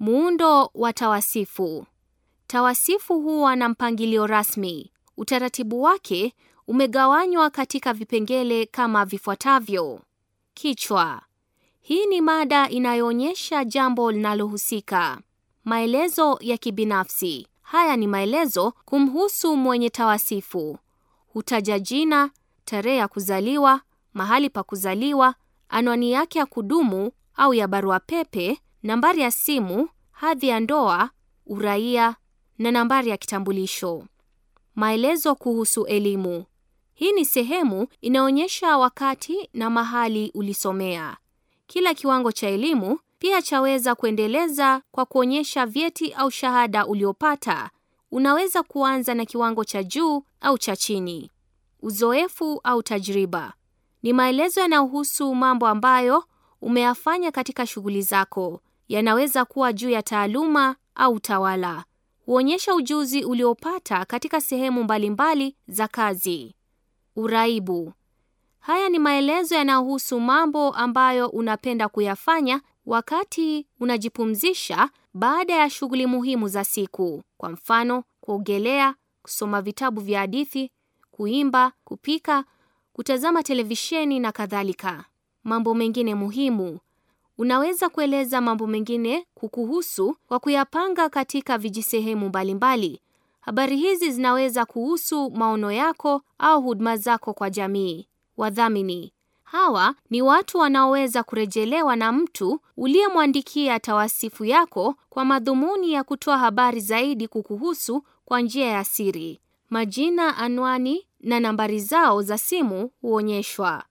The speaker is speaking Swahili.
Muundo wa tawasifu. Tawasifu huwa na mpangilio rasmi. Utaratibu wake umegawanywa katika vipengele kama vifuatavyo: Kichwa: hii ni mada inayoonyesha jambo linalohusika. Maelezo ya kibinafsi: haya ni maelezo kumhusu mwenye tawasifu. Hutaja jina, tarehe ya kuzaliwa, mahali pa kuzaliwa, anwani yake ya kudumu au ya barua pepe nambari ya simu, hadhi ya ndoa, uraia na nambari ya kitambulisho. Maelezo kuhusu elimu. Hii ni sehemu inaonyesha wakati na mahali ulisomea. Kila kiwango cha elimu pia chaweza kuendeleza kwa kuonyesha vyeti au shahada uliopata. Unaweza kuanza na kiwango cha juu au cha chini. Uzoefu au tajriba ni maelezo yanayohusu mambo ambayo umeyafanya katika shughuli zako yanaweza kuwa juu ya taaluma au tawala. Huonyesha ujuzi uliopata katika sehemu mbalimbali za kazi. Uraibu. Haya ni maelezo yanayohusu mambo ambayo unapenda kuyafanya wakati unajipumzisha baada ya shughuli muhimu za siku. Kwa mfano, kuogelea, kusoma vitabu vya hadithi, kuimba, kupika, kutazama televisheni na kadhalika. Mambo mengine muhimu: Unaweza kueleza mambo mengine kukuhusu kwa kuyapanga katika vijisehemu mbalimbali. Habari hizi zinaweza kuhusu maono yako au huduma zako kwa jamii. Wadhamini hawa ni watu wanaoweza kurejelewa na mtu uliyemwandikia tawasifu yako kwa madhumuni ya kutoa habari zaidi kukuhusu kwa njia ya siri. Majina, anwani na nambari zao za simu huonyeshwa.